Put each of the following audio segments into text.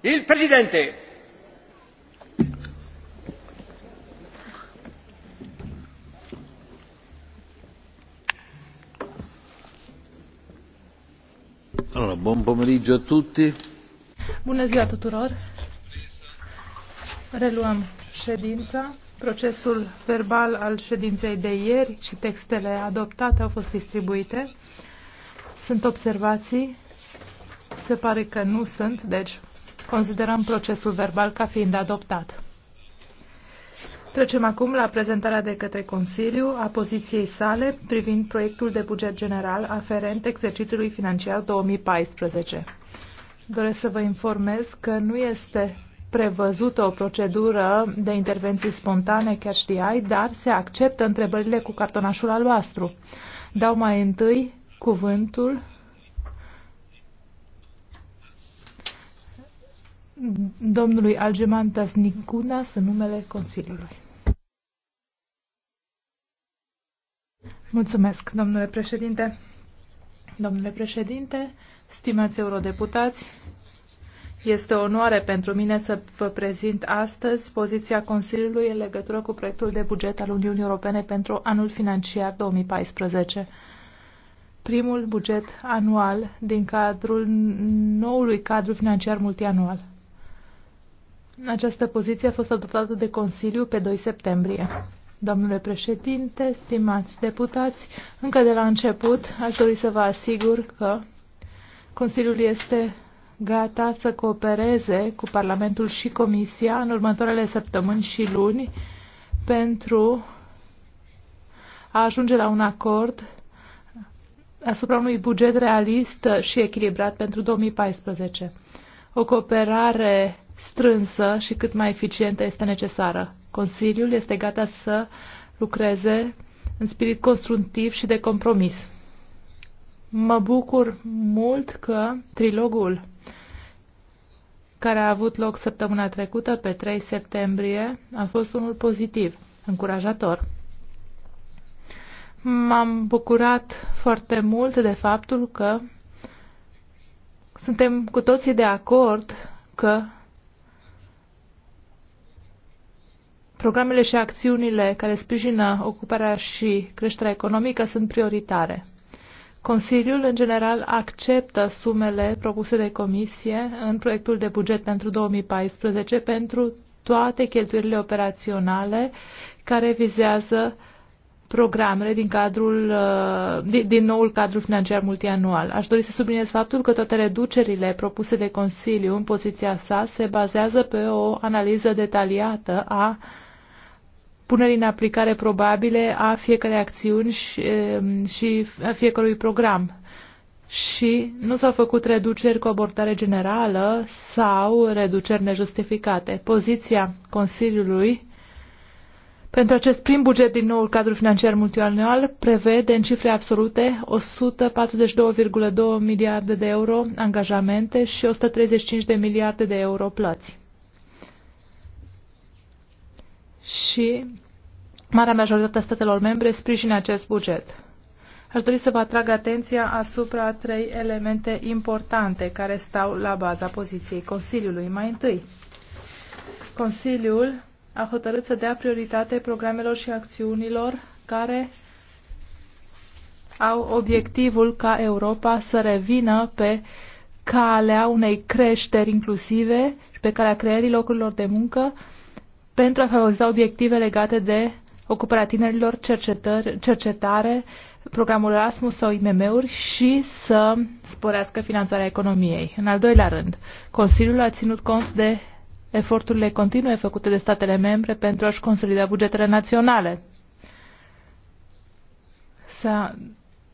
Il Presidente. Allora, buon pomeriggio a tutti. Bună ziua tuturor. Reluăm ședința. Procesul verbal al ședinței de ieri și textele adoptate au fost distribuite. Sunt observații? Se pare că nu sunt, deci Considerăm procesul verbal ca fiind adoptat. Trecem acum la prezentarea de către Consiliu a poziției sale privind proiectul de buget general aferent exercițiului financiar 2014. Doresc să vă informez că nu este prevăzută o procedură de intervenții spontane, chiar știai, dar se acceptă întrebările cu cartonașul albastru. Dau mai întâi cuvântul domnului Algemantas Nicunas în numele Consiliului. Mulțumesc, domnule președinte. Domnule președinte, stimați eurodeputați, este o onoare pentru mine să vă prezint astăzi poziția Consiliului în legătură cu proiectul de buget al Uniunii Europene pentru anul financiar 2014 primul buget anual din cadrul noului cadru financiar multianual. Această poziție a fost adoptată de Consiliu pe 2 septembrie. Domnule președinte, stimați deputați, încă de la început aș dori să vă asigur că Consiliul este gata să coopereze cu Parlamentul și Comisia în următoarele săptămâni și luni pentru a ajunge la un acord asupra unui buget realist și echilibrat pentru 2014. O cooperare strânsă și cât mai eficientă este necesară. Consiliul este gata să lucreze în spirit constructiv și de compromis. Mă bucur mult că trilogul care a avut loc săptămâna trecută, pe 3 septembrie, a fost unul pozitiv, încurajator. M-am bucurat foarte mult de faptul că suntem cu toții de acord că Programele și acțiunile care sprijină ocuparea și creșterea economică sunt prioritare. Consiliul, în general, acceptă sumele propuse de comisie în proiectul de buget pentru 2014 pentru toate cheltuielile operaționale care vizează programele din, cadrul, uh, din, din noul cadru financiar multianual. Aș dori să subliniez faptul că toate reducerile propuse de Consiliu în poziția sa se bazează pe o analiză detaliată a punerii în aplicare probabile a fiecărei acțiuni și, ehm, și a fiecărui program. Și nu s-au făcut reduceri cu abordare generală sau reduceri nejustificate. Poziția Consiliului pentru acest prim buget din noul cadru financiar multianual prevede în cifre absolute 142,2 miliarde de euro angajamente și 135 de miliarde de euro plăți și marea majoritate a statelor membre sprijină acest buget. Aș dori să vă atrag atenția asupra trei elemente importante care stau la baza poziției Consiliului. Mai întâi, Consiliul a hotărât să dea prioritate programelor și acțiunilor care au obiectivul ca Europa să revină pe calea unei creșteri inclusive și pe calea creierii locurilor de muncă pentru a favoriza obiective legate de ocuparea tinerilor, cercetare, programul Erasmus sau IMM-uri și să sporească finanțarea economiei. În al doilea rând, Consiliul a ținut cont de eforturile continue făcute de statele membre pentru a-și consolida bugetele naționale. S-a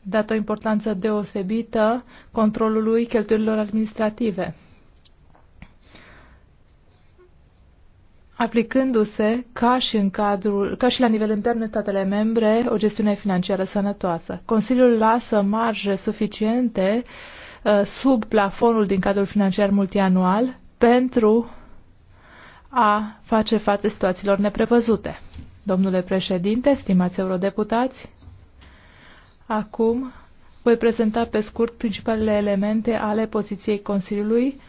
dat o importanță deosebită controlului cheltuielilor administrative. aplicându-se ca și, în cadrul, ca și la nivel intern în statele membre o gestiune financiară sănătoasă. Consiliul lasă marje suficiente uh, sub plafonul din cadrul financiar multianual pentru a face față situațiilor neprevăzute. Domnule președinte, stimați eurodeputați, acum voi prezenta pe scurt principalele elemente ale poziției Consiliului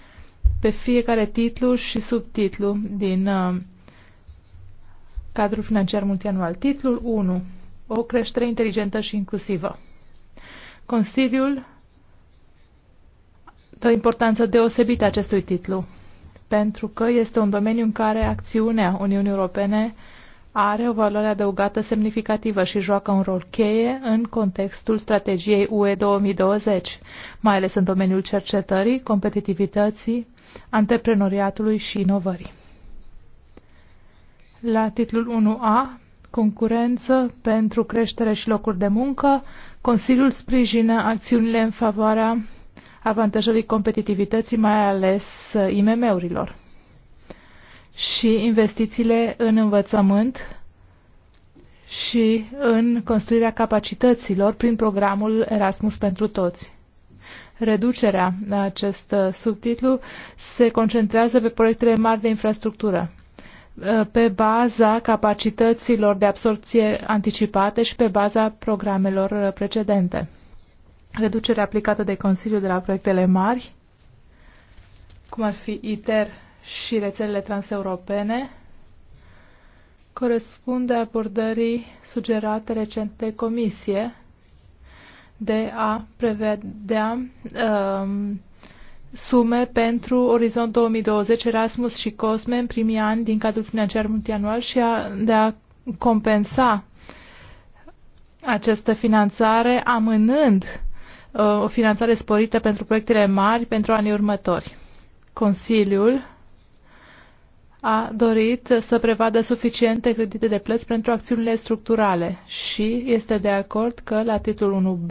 pe fiecare titlu și subtitlu din uh, cadrul financiar multianual. Titlul 1. O creștere inteligentă și inclusivă. Consiliul dă importanță deosebită acestui titlu, pentru că este un domeniu în care acțiunea Uniunii Europene are o valoare adăugată semnificativă și joacă un rol cheie în contextul strategiei UE 2020, mai ales în domeniul cercetării, competitivității, antreprenoriatului și inovării. La titlul 1A, concurență pentru creștere și locuri de muncă, Consiliul sprijină acțiunile în favoarea avantajării competitivității, mai ales IMM-urilor și investițiile în învățământ și în construirea capacităților prin programul Erasmus pentru toți. Reducerea acest uh, subtitlu se concentrează pe proiectele mari de infrastructură uh, pe baza capacităților de absorpție anticipate și pe baza programelor uh, precedente. Reducerea aplicată de Consiliu de la proiectele mari, cum ar fi ITER și rețelele transeuropene, corespunde abordării sugerate recent de Comisie de a prevedea um, sume pentru Orizont 2020, Erasmus și Cosme în primii ani din cadrul financiar multianual și a, de a compensa această finanțare amânând uh, o finanțare sporită pentru proiectele mari pentru anii următori. Consiliul a dorit să prevadă suficiente credite de plăți pentru acțiunile structurale și este de acord că la titlul 1B,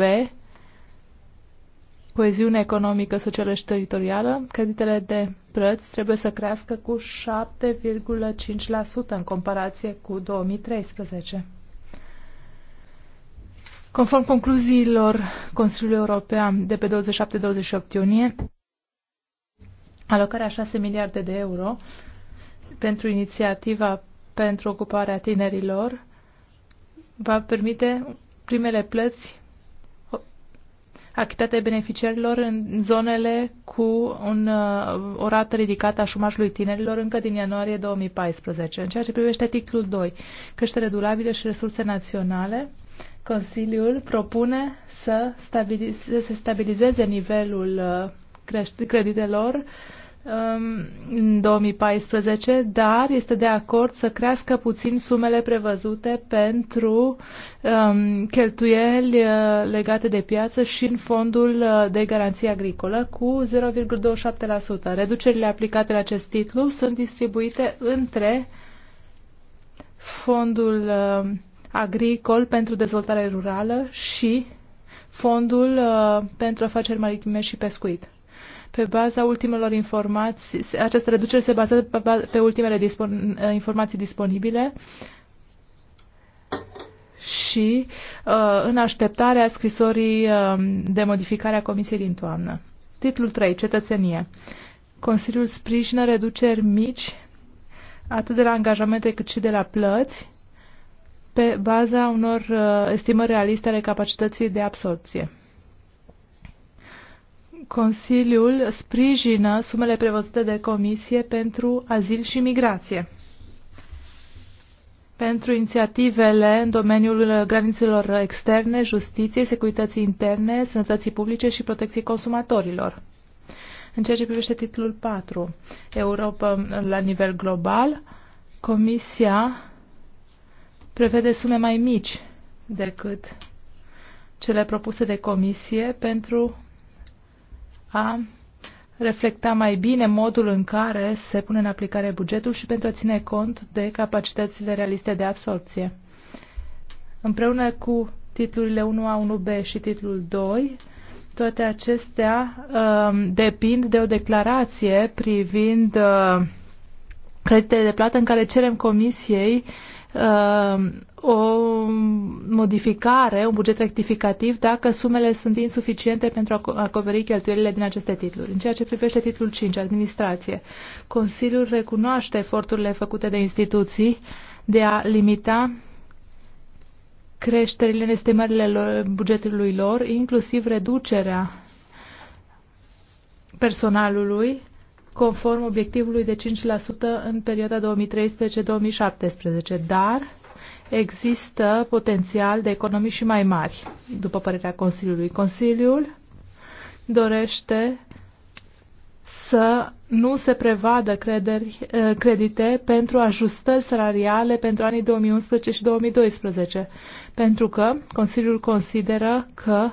coeziune economică, socială și teritorială, creditele de plăți trebuie să crească cu 7,5% în comparație cu 2013. Conform concluziilor Consiliului European de pe 27-28 iunie, alocarea 6 miliarde de euro pentru inițiativa pentru ocuparea tinerilor va permite primele plăți achitate beneficiarilor în zonele cu un, uh, o rată ridicată a șumajului tinerilor încă din ianuarie 2014. În ceea ce privește titlul 2, creștere durabilă și resurse naționale, Consiliul propune să, să se stabilizeze nivelul uh, creșt- creditelor uh, Um, în 2014, dar este de acord să crească puțin sumele prevăzute pentru um, cheltuieli uh, legate de piață și în fondul uh, de garanție agricolă cu 0,27%. Reducerile aplicate la acest titlu sunt distribuite între fondul um, agricol pentru dezvoltare rurală și fondul uh, pentru afaceri maritime și pescuit pe baza ultimelor informații, această reducere se bazează pe, pe ultimele dispon, eh, informații disponibile și uh, în așteptarea scrisorii uh, de modificare a Comisiei din toamnă. Titlul 3. Cetățenie. Consiliul sprijină reduceri mici atât de la angajamente cât și de la plăți pe baza unor uh, estimări realiste ale capacității de absorție. Consiliul sprijină sumele prevăzute de Comisie pentru azil și migrație. Pentru inițiativele în domeniul granițelor externe, justiției, securității interne, sănătății publice și protecției consumatorilor. În ceea ce privește titlul 4, Europa la nivel global, Comisia prevede sume mai mici decât cele propuse de Comisie pentru a reflecta mai bine modul în care se pune în aplicare bugetul și pentru a ține cont de capacitățile realiste de absorpție. Împreună cu titlurile 1A, 1B și titlul 2, toate acestea uh, depind de o declarație privind uh, creditele de plată în care cerem Comisiei uh, uh, o modificare, un buget rectificativ, dacă sumele sunt insuficiente pentru a acoperi cheltuielile din aceste titluri. În ceea ce privește titlul 5, administrație, Consiliul recunoaște eforturile făcute de instituții de a limita creșterile în estimările bugetului lor, inclusiv reducerea personalului conform obiectivului de 5% în perioada 2013-2017, dar există potențial de economii și mai mari, după părerea Consiliului. Consiliul dorește să nu se prevadă crederi, eh, credite pentru ajustări salariale pentru anii 2011 și 2012, pentru că Consiliul consideră că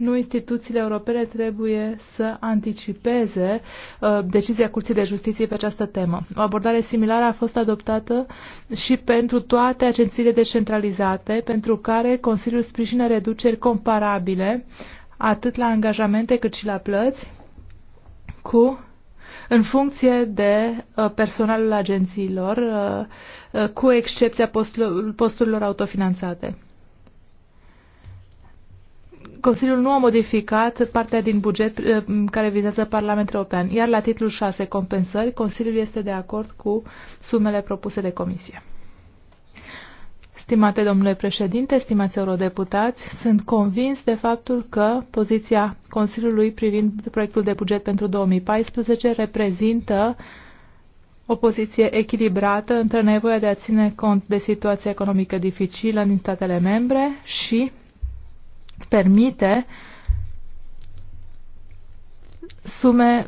nu instituțiile europene trebuie să anticipeze uh, decizia Curții de Justiție pe această temă. O abordare similară a fost adoptată și pentru toate agențiile descentralizate, pentru care Consiliul sprijină reduceri comparabile atât la angajamente cât și la plăți cu în funcție de uh, personalul agențiilor, uh, uh, cu excepția posturilor autofinanțate. Consiliul nu a modificat partea din buget eh, care vizează Parlamentul European, iar la titlul 6, compensări, Consiliul este de acord cu sumele propuse de Comisie. Stimate domnule președinte, stimați eurodeputați, sunt convins de faptul că poziția Consiliului privind proiectul de buget pentru 2014 reprezintă o poziție echilibrată între nevoia de a ține cont de situația economică dificilă din statele membre și permite sume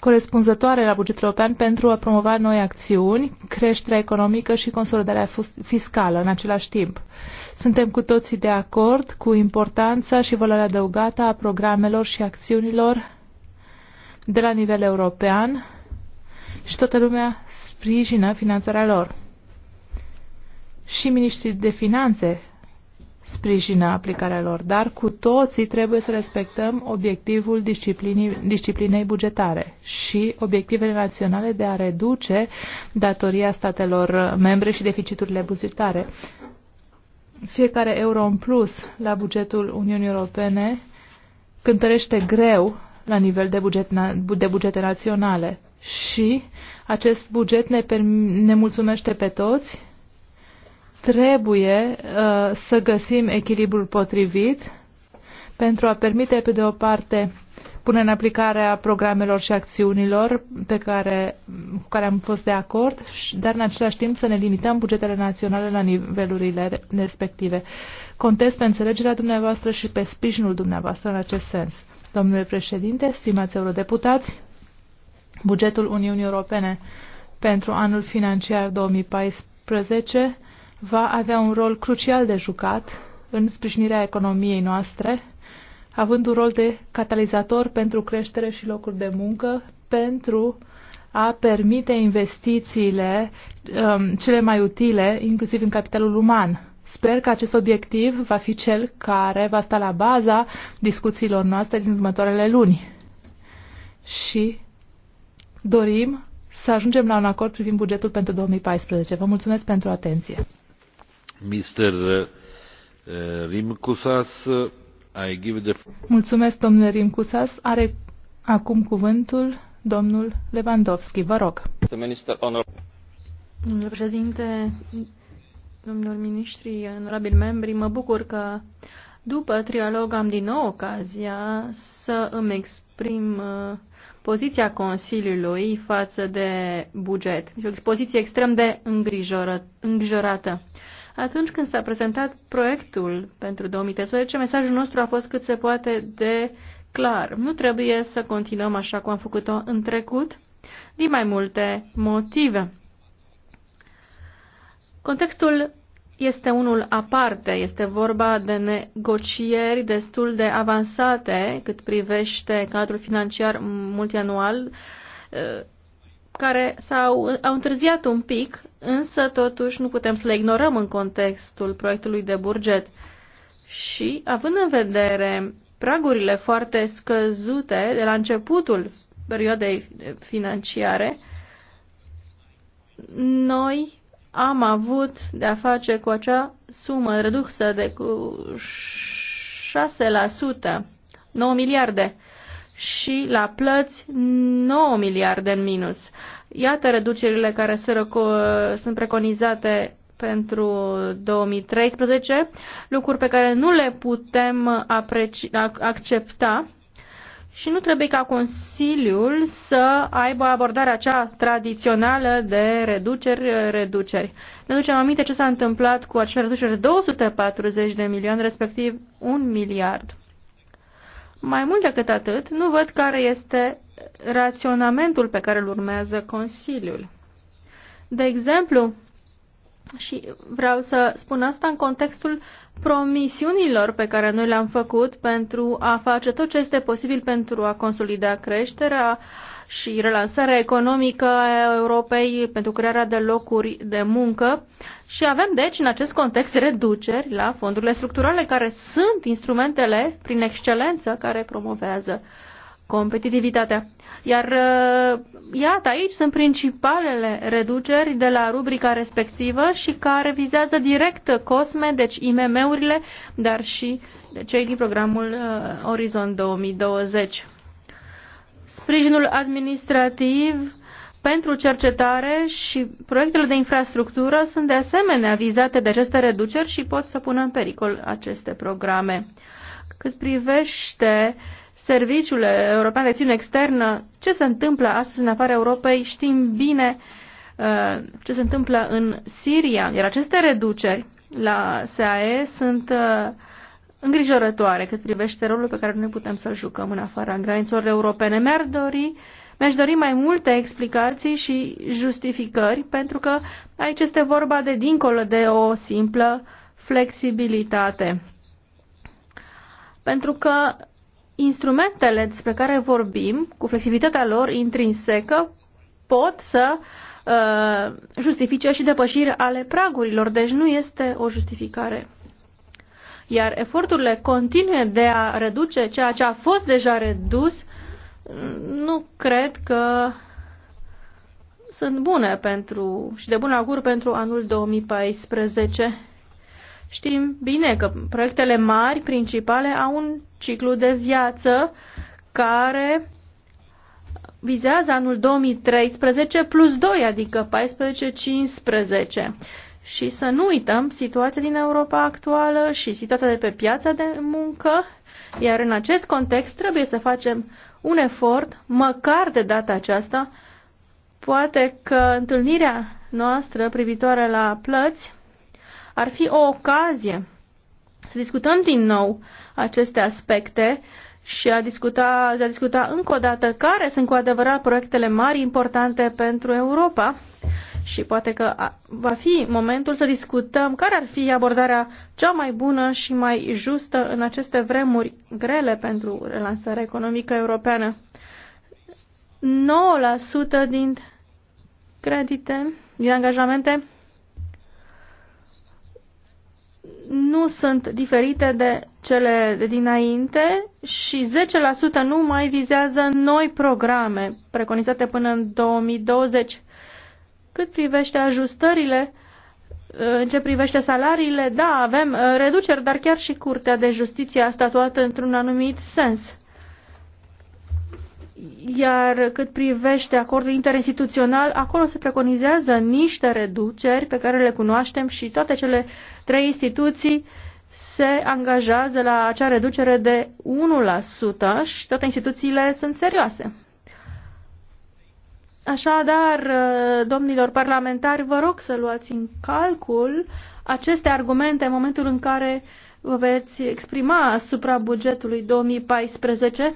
corespunzătoare la bugetul european pentru a promova noi acțiuni, creșterea economică și consolidarea fiscală în același timp. Suntem cu toții de acord cu importanța și valoarea adăugată a programelor și acțiunilor de la nivel european și toată lumea sprijină finanțarea lor. Și ministrii de finanțe sprijină aplicarea lor, dar cu toții trebuie să respectăm obiectivul disciplinii, disciplinei bugetare și obiectivele naționale de a reduce datoria statelor membre și deficiturile bugetare. Fiecare euro în plus la bugetul Uniunii Europene cântărește greu la nivel de, buget, de bugete naționale și acest buget ne, ne mulțumește pe toți Trebuie uh, să găsim echilibrul potrivit pentru a permite, pe de o parte, pune în aplicarea programelor și acțiunilor pe care, cu care am fost de acord, dar în același timp să ne limităm bugetele naționale la nivelurile respective. Contest pe înțelegerea dumneavoastră și pe sprijinul dumneavoastră în acest sens. Domnule președinte, stimați eurodeputați, bugetul Uniunii Europene pentru anul financiar 2014 va avea un rol crucial de jucat în sprijinirea economiei noastre, având un rol de catalizator pentru creștere și locuri de muncă, pentru a permite investițiile um, cele mai utile, inclusiv în capitalul uman. Sper că acest obiectiv va fi cel care va sta la baza discuțiilor noastre din următoarele luni. Și dorim să ajungem la un acord privind bugetul pentru 2014. Vă mulțumesc pentru atenție. Eh, Mulțumesc, domnule Rimkusas. Are acum cuvântul domnul Lewandowski. Vă rog. Domnule președinte, domnilor miniștri, onorabili membri, mă bucur că după trialog am din nou ocazia să îmi exprim uh, poziția Consiliului față de buget. E o expoziție extrem de îngrijorată. Atunci când s-a prezentat proiectul pentru 2013, mesajul nostru a fost cât se poate de clar. Nu trebuie să continuăm așa cum am făcut-o în trecut, din mai multe motive. Contextul este unul aparte, este vorba de negocieri destul de avansate cât privește cadrul financiar multianual, eh, care s-au, au întârziat un pic, însă totuși nu putem să le ignorăm în contextul proiectului de buget. Și având în vedere pragurile foarte scăzute de la începutul perioadei financiare, noi am avut de-a face cu acea sumă redusă de cu 6%, 9 miliarde și la plăți 9 miliarde în minus. Iată reducerile care sunt preconizate pentru 2013, lucruri pe care nu le putem accepta și nu trebuie ca Consiliul să aibă abordarea acea tradițională de reduceri, reduceri. Ne ducem aminte ce s-a întâmplat cu acele reduceri de 240 de milioane, respectiv 1 miliard. Mai mult decât atât, nu văd care este raționamentul pe care îl urmează Consiliul. De exemplu, și vreau să spun asta în contextul promisiunilor pe care noi le-am făcut pentru a face tot ce este posibil pentru a consolida creșterea și relansarea economică a Europei pentru crearea de locuri de muncă și avem deci în acest context reduceri la fondurile structurale care sunt instrumentele prin excelență care promovează uh, competitivitatea. Iar uh, iată, aici sunt principalele reduceri de la rubrica respectivă și care vizează direct COSME, deci IMM-urile, dar și deci, cei din programul uh, Orizont 2020. Sprijinul administrativ pentru cercetare și proiectele de infrastructură sunt de asemenea vizate de aceste reduceri și pot să pună în pericol aceste programe. Cât privește Serviciul European de Acțiune Externă, ce se întâmplă astăzi în afara Europei, știm bine uh, ce se întâmplă în Siria, iar aceste reduceri la SAE sunt uh, îngrijorătoare cât privește rolul pe care noi putem să-l jucăm în afara granițelor europene. Mi-ar dori mi-aș dori mai multe explicații și justificări, pentru că aici este vorba de dincolo de o simplă flexibilitate. Pentru că instrumentele despre care vorbim, cu flexibilitatea lor intrinsecă, pot să uh, justifice și depășiri ale pragurilor, deci nu este o justificare. Iar eforturile continue de a reduce ceea ce a fost deja redus, nu cred că sunt bune pentru, și de bun augur pentru anul 2014. Știm bine că proiectele mari, principale, au un ciclu de viață care vizează anul 2013 plus 2, adică 14-15. Și să nu uităm situația din Europa actuală și situația de pe piața de muncă, iar în acest context trebuie să facem un efort, măcar de data aceasta, poate că întâlnirea noastră privitoare la plăți ar fi o ocazie să discutăm din nou aceste aspecte și a discuta, de a discuta încă o dată care sunt cu adevărat proiectele mari importante pentru Europa și poate că va fi momentul să discutăm care ar fi abordarea cea mai bună și mai justă în aceste vremuri grele pentru relansarea economică europeană. 9% din credite, din angajamente nu sunt diferite de cele de dinainte și 10% nu mai vizează noi programe preconizate până în 2020. Cât privește ajustările, uh, în ce privește salariile, da, avem uh, reduceri, dar chiar și Curtea de Justiție a statuat într-un anumit sens. Iar cât privește acordul interinstituțional, acolo se preconizează niște reduceri pe care le cunoaștem și toate cele trei instituții se angajează la acea reducere de 1% și toate instituțiile sunt serioase. Așadar, domnilor parlamentari, vă rog să luați în calcul aceste argumente în momentul în care vă veți exprima asupra bugetului 2014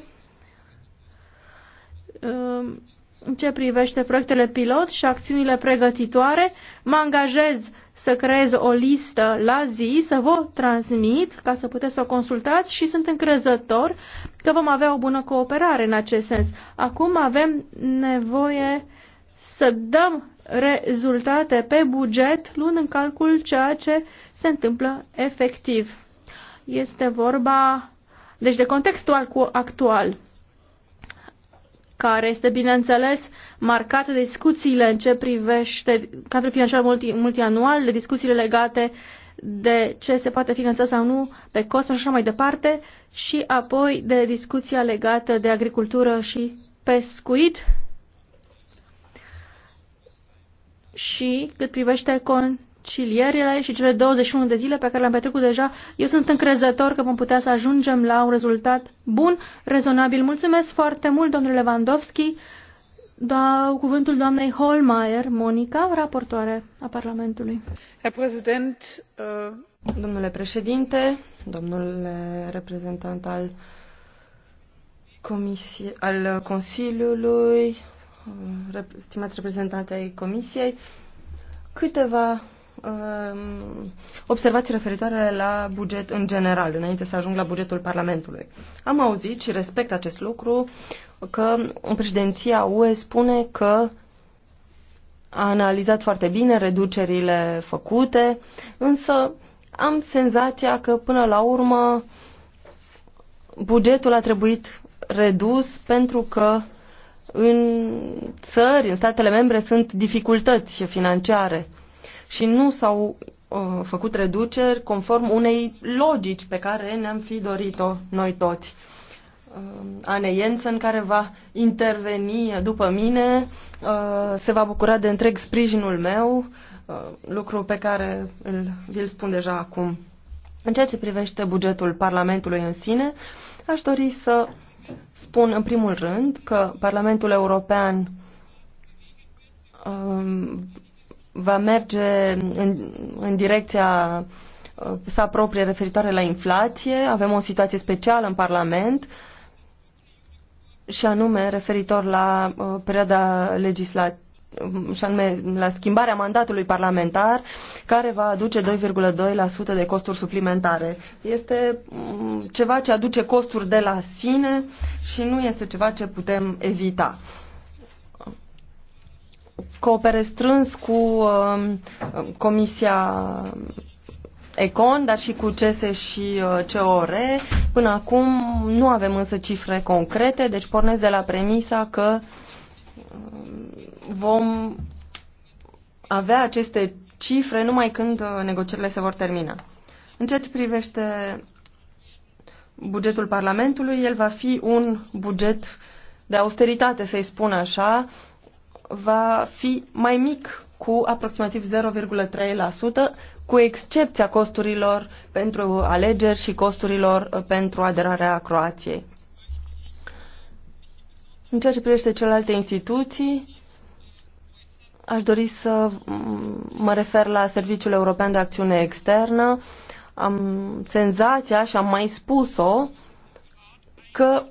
în ce privește proiectele pilot și acțiunile pregătitoare, mă angajez să creez o listă la zi, să vă transmit ca să puteți să o consultați și sunt încrezător că vom avea o bună cooperare în acest sens. Acum avem nevoie să dăm rezultate pe buget, luând în calcul ceea ce se întâmplă efectiv. Este vorba, deci, de contextul actual care este, bineînțeles, marcată de discuțiile în ce privește cadrul financiar multi, multianual, de discuțiile legate de ce se poate finanța sau nu pe cost și așa mai departe și apoi de discuția legată de agricultură și pescuit și cât privește con concilierile și cele 21 de zile pe care le-am petrecut deja, eu sunt încrezător că vom putea să ajungem la un rezultat bun, rezonabil. Mulțumesc foarte mult, domnule Lewandowski. Dau cuvântul doamnei Holmeier, Monica, raportoare a Parlamentului. President, uh... Domnule președinte, domnule reprezentant al, comisie, al Consiliului, uh, stimați reprezentante ai Comisiei, câteva Um, observații referitoare la buget în general, înainte să ajung la bugetul Parlamentului. Am auzit și respect acest lucru că președinția UE spune că a analizat foarte bine reducerile făcute, însă am senzația că până la urmă bugetul a trebuit redus pentru că în țări, în statele membre, sunt dificultăți financiare și nu s-au uh, făcut reduceri conform unei logici pe care ne-am fi dorit-o noi toți. Uh, Ane Jensen, care va interveni după mine, uh, se va bucura de întreg sprijinul meu, uh, lucru pe care îl, vi-l spun deja acum. În ceea ce privește bugetul Parlamentului în sine, aș dori să spun în primul rând că Parlamentul European um, va merge în, în direcția uh, sa proprie referitoare la inflație. Avem o situație specială în Parlament și anume referitor la uh, perioada legislativă um, și anume la schimbarea mandatului parlamentar, care va aduce 2,2% de costuri suplimentare. Este um, ceva ce aduce costuri de la sine și nu este ceva ce putem evita coopere strâns cu um, Comisia Econ, dar și cu CESE și uh, COR. Până acum nu avem însă cifre concrete, deci pornesc de la premisa că um, vom avea aceste cifre numai când uh, negocierile se vor termina. În ceea ce privește bugetul Parlamentului, el va fi un buget de austeritate, să-i spun așa, va fi mai mic cu aproximativ 0,3%, cu excepția costurilor pentru alegeri și costurilor uh, pentru aderarea Croației. În ceea ce privește celelalte instituții, aș dori să mă refer la Serviciul European de Acțiune Externă. Am senzația și am mai spus-o că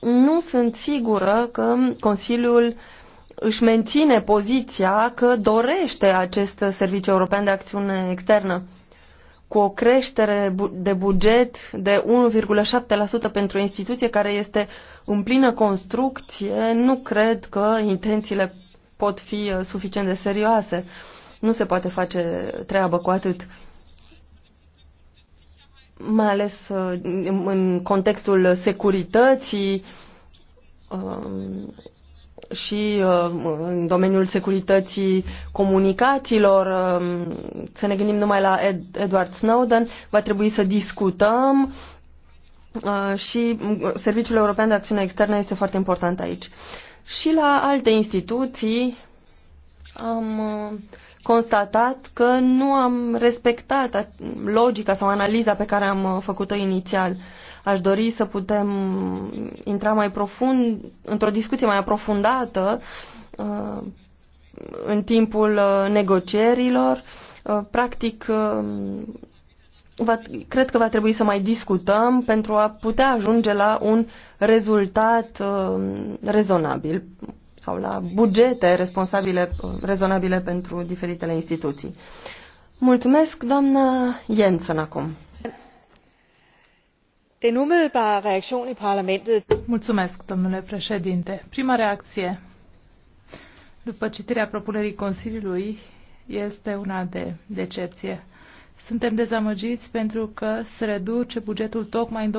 nu sunt sigură că Consiliul uh, își menține poziția că dorește acest serviciu european de acțiune externă cu o creștere de buget de 1,7% pentru o instituție care este în plină construcție, nu cred că intențiile pot fi uh, suficient de serioase. Nu se poate face treabă cu atât. Mai ales uh, în contextul securității, um, și uh, în domeniul securității comunicațiilor, um, să ne gândim numai la Edward Snowden, va trebui să discutăm uh, și uh, Serviciul European de Acțiune Externă este foarte important aici. Și la alte instituții am constatat că nu am respectat logica sau analiza pe care am făcut-o inițial. Aș dori să putem intra mai profund, într-o discuție mai aprofundată uh, în timpul uh, negocierilor. Uh, practic, va, cred că va trebui să mai discutăm pentru a putea ajunge la un rezultat rezonabil sau la bugete responsabile, rezonabile pentru diferitele instituții. Mulțumesc, doamna Jensen, acum den er umiddelbare reaktion i parlamentet. Mulțumesc, domnule președinte. Prima reacție după citirea propunerii Consiliului este una de decepție. Suntem dezamăgiți pentru că se reduce bugetul tocmai în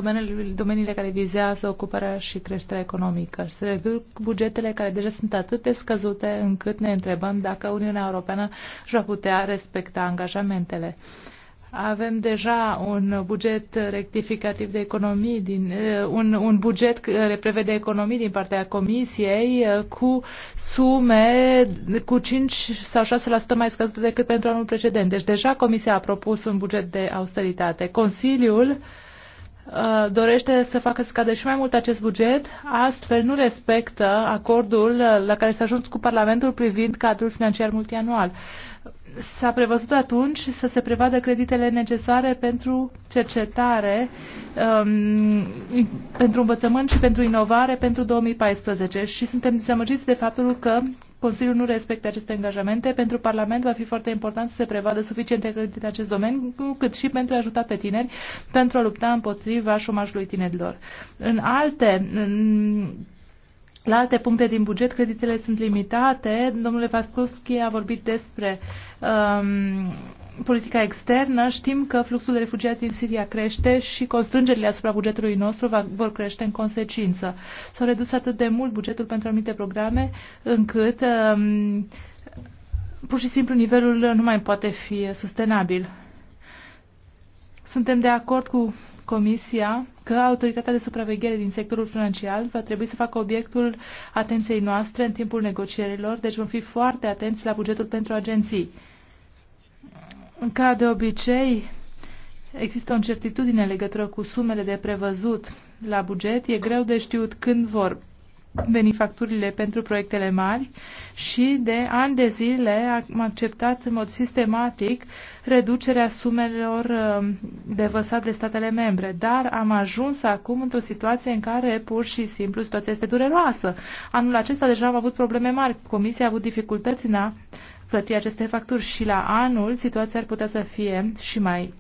domeniile, care vizează ocuparea și creșterea economică. Se reduc bugetele care deja sunt atât de scăzute încât ne întrebăm dacă Uniunea Europeană își va putea respecta angajamentele. Uh, avem deja un buget rectificativ de economii, din, eh, un, un buget care prevede economii din partea Comisiei eh, cu sume cu 5 sau 6% mai scăzute decât pentru anul precedent. Deci deja Comisia a propus un buget de austeritate. Consiliul uh, Uh, dorește să facă scade și mai mult acest buget, astfel nu respectă acordul uh, la care s-a ajuns cu Parlamentul privind cadrul financiar multianual. S-a prevăzut atunci să se prevadă creditele necesare pentru cercetare, um, pentru învățământ și pentru inovare pentru 2014 și suntem dezamăgiți de faptul că Consiliul nu respectă aceste angajamente, pentru Parlament va fi foarte important să se prevadă suficiente credite în acest domeniu, cât și pentru a ajuta pe tineri pentru a lupta împotriva șomajului tinerilor. În alte în la alte puncte din buget, creditele sunt limitate. Domnule Vasculski a vorbit despre um, politica externă, știm că fluxul de refugiați din Siria crește și constrângerile asupra bugetului nostru va, vor crește în consecință. S-au redus atât de mult bugetul pentru anumite programe încât um, pur și simplu nivelul nu mai poate fi sustenabil. Suntem de acord cu Comisia că autoritatea de supraveghere din sectorul financiar va trebui să facă obiectul atenției noastre în timpul negocierilor, deci vom fi foarte atenți la bugetul pentru agenții. Ca de obicei, există o incertitudine în legătură cu sumele de prevăzut la buget. E greu de știut când vor veni facturile pentru proiectele mari și de ani de zile am acceptat în mod sistematic reducerea sumelor um, de văsat de statele membre, dar am ajuns acum într-o situație în care pur și simplu situația este dureroasă. Anul acesta deja am avut probleme mari, Comisia a avut dificultăți în a plăti aceste facturi și la anul situația ar putea să fie și mai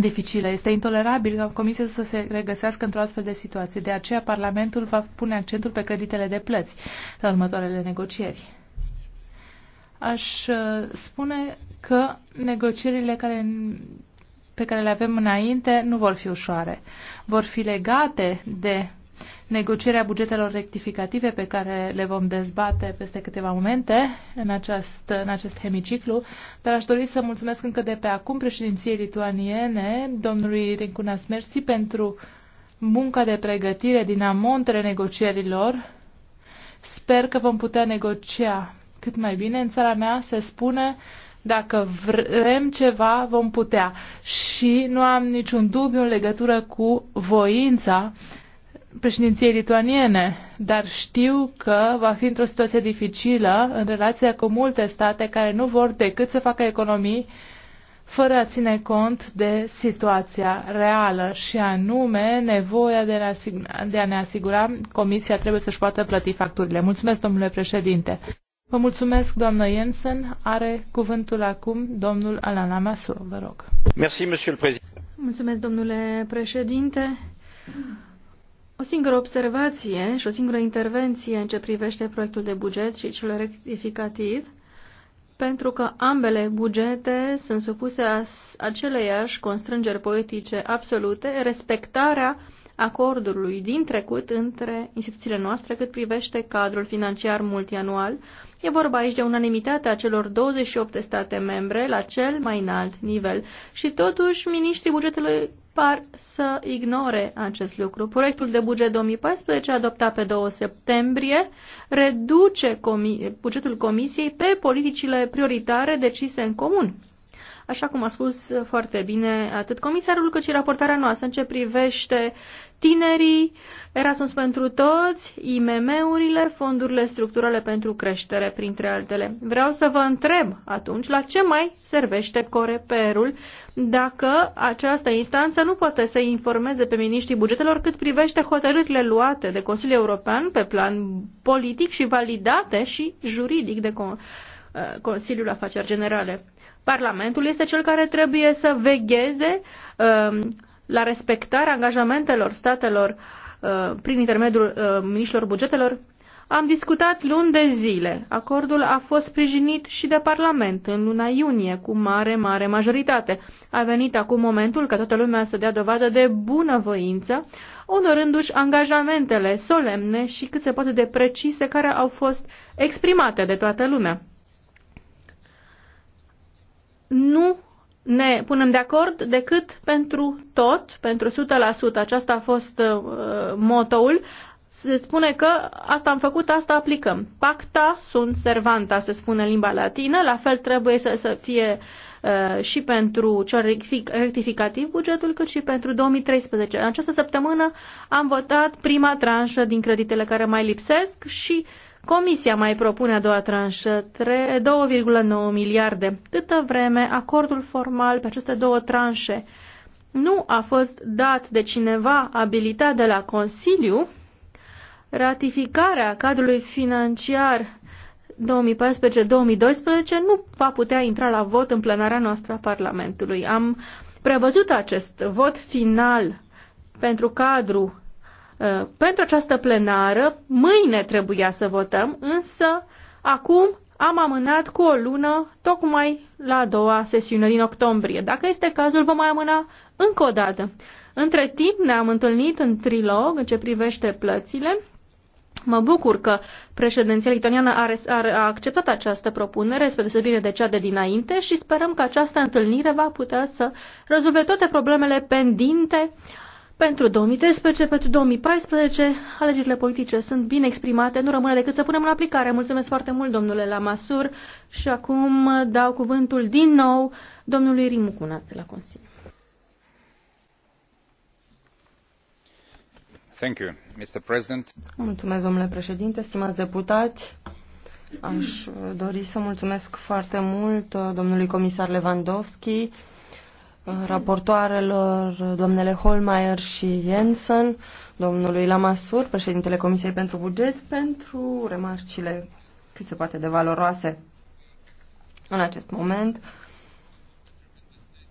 dificilă. Este intolerabil ca Comisia să se regăsească într-o astfel de situație. De aceea Parlamentul va pune accentul pe creditele de plăți la următoarele negocieri. Aș uh, spune că negocierile care pe care le avem înainte nu vor fi ușoare. Vor fi legate de negocierea bugetelor rectificative pe care le vom dezbate peste câteva momente în acest, în acest hemiciclu, dar aș dori să mulțumesc încă de pe acum președinției lituaniene, domnului Rincunas Mersi, pentru munca de pregătire din amontele negocierilor. Sper că vom putea negocia cât mai bine. În țara mea se spune dacă vrem ceva, vom putea. Și nu am niciun dubiu în legătură cu voința uh, președinției lituaniene, dar știu că va fi într-o situație dificilă în relația cu multe state care nu vor decât să facă economii fără a ține cont de situația reală și anume nevoia de, a de a ne asigura comisia trebuie să-și poată plăti facturile. Mulțumesc, domnule președinte. Vă mulțumesc, doamnă Jensen. Are cuvântul acum domnul Alan Masur. vă rog. Mulțumesc, domnule președinte. O singură observație și o singură intervenție în ce privește proiectul de buget și cel rectificativ, pentru că ambele bugete sunt supuse aceleiași constrângeri politice absolute, respectarea acordului din trecut între instituțiile noastre cât privește cadrul financiar multianual E vorba aici de unanimitatea celor 28 de state membre la cel mai înalt nivel și totuși miniștrii bugetului par să ignore acest lucru. Proiectul de buget 2014, adoptat pe 2 septembrie, reduce comi bugetul Comisiei pe politicile prioritare decise în comun. Așa cum a spus foarte bine atât comisarul cât și raportarea noastră în ce privește tinerii, Erasmus pentru toți, IMM-urile, fondurile structurale pentru creștere, printre altele. Vreau să vă întreb atunci la ce mai servește Coreperul dacă această instanță nu poate să informeze pe miniștrii bugetelor cât privește hotărârile luate de Consiliul European pe plan politic și validate și juridic de eh, Consiliul Afaceri Generale. Parlamentul este cel care trebuie să vegheze eh, la respectarea angajamentelor statelor uh, prin intermediul uh, miniștilor bugetelor, am discutat luni de zile. Acordul a fost sprijinit și de Parlament în luna iunie cu mare, mare majoritate. A venit acum momentul ca toată lumea să dea dovadă de bunăvoință, onorându-și angajamentele solemne și cât se poate de precise care au fost exprimate de toată lumea. Nu ne punem de acord decât pentru tot, pentru 100%. Aceasta a fost uh, motoul. Se spune că asta am făcut, asta aplicăm. Pacta sunt servanta, se spune în limba latină. La fel trebuie să, să fie uh, și pentru cel rectificativ bugetul, cât și pentru 2013. În această săptămână am votat prima tranșă din creditele care mai lipsesc și uh, Comisia mai propune a doua tranșă 2,9 miliarde. Câtă vreme acordul formal pe aceste două tranșe nu a fost dat de cineva abilitat de la Consiliu, ratificarea cadrului financiar 2014-2012 nu va putea intra la vot în plenarea noastră a Parlamentului. Am prevăzut acest vot final pentru cadru Uh, pentru această plenară. Mâine trebuia să votăm, însă acum am amânat cu o lună tocmai la a doua sesiune din octombrie. Dacă este cazul, vom mai amâna încă o dată. Între timp ne-am întâlnit în trilog în ce privește plățile. Mă bucur că președinția litoniană a, a acceptat această propunere, spre deosebire de cea de dinainte, și sperăm că această întâlnire va putea să rezolve toate problemele pendinte uh, pentru 2013, pentru 2014, alegerile politice sunt bine exprimate, nu rămâne decât să punem în aplicare. Mulțumesc foarte mult, domnule Lamasur, și acum dau cuvântul din nou domnului Rimu Cunat de la Consiliu. Thank you, Mr. President. Mulțumesc, domnule președinte, stimați deputați. Aș dori să mulțumesc foarte mult uh, domnului comisar Lewandowski, raportoarelor, doamnele Holmeier și Jensen, domnului Lamasur, președintele Comisiei pentru Buget, pentru remarcile cât se poate de valoroase. În acest moment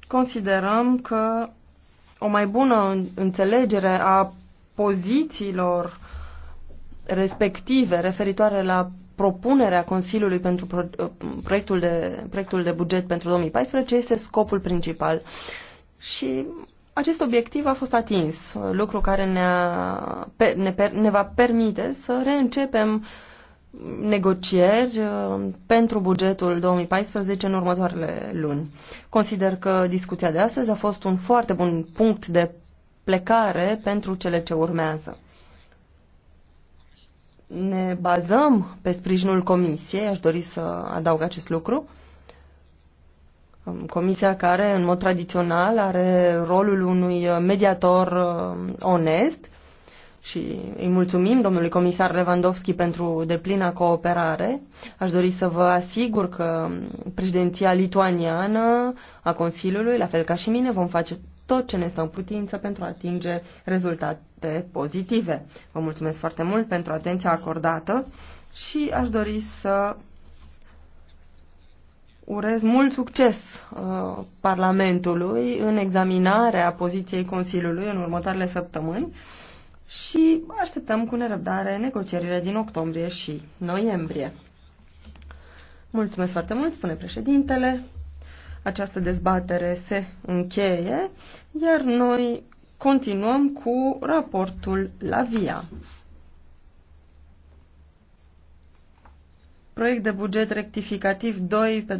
considerăm că o mai bună înțelegere a pozițiilor respective referitoare la propunerea Consiliului pentru pro, uh, proiectul, de, proiectul de buget pentru 2014 este scopul principal. Și acest obiectiv a fost atins, lucru care ne-a, ne, ne va permite să reîncepem negocieri uh, pentru bugetul 2014 în următoarele luni. Consider că discuția de astăzi a fost un foarte bun punct de plecare pentru cele ce urmează ne bazăm pe sprijinul comisiei, aș dori să adaug acest lucru, comisia care, în mod tradițional, are rolul unui uh, mediator uh, onest și îi mulțumim domnului comisar Lewandowski pentru deplina cooperare. Aș dori să vă asigur că președinția lituaniană a Consiliului, la fel ca și mine, vom face tot ce ne stă în putință pentru a atinge rezultate pozitive. Vă mulțumesc foarte mult pentru atenția acordată și aș dori să urez mult succes uh, Parlamentului în examinarea poziției Consiliului în următoarele săptămâni și așteptăm cu nerăbdare negocierile din octombrie și noiembrie. Mulțumesc foarte mult, spune președintele. Această dezbatere se încheie, iar noi continuăm cu raportul la VIA. Proiect de buget rectificativ 2 pe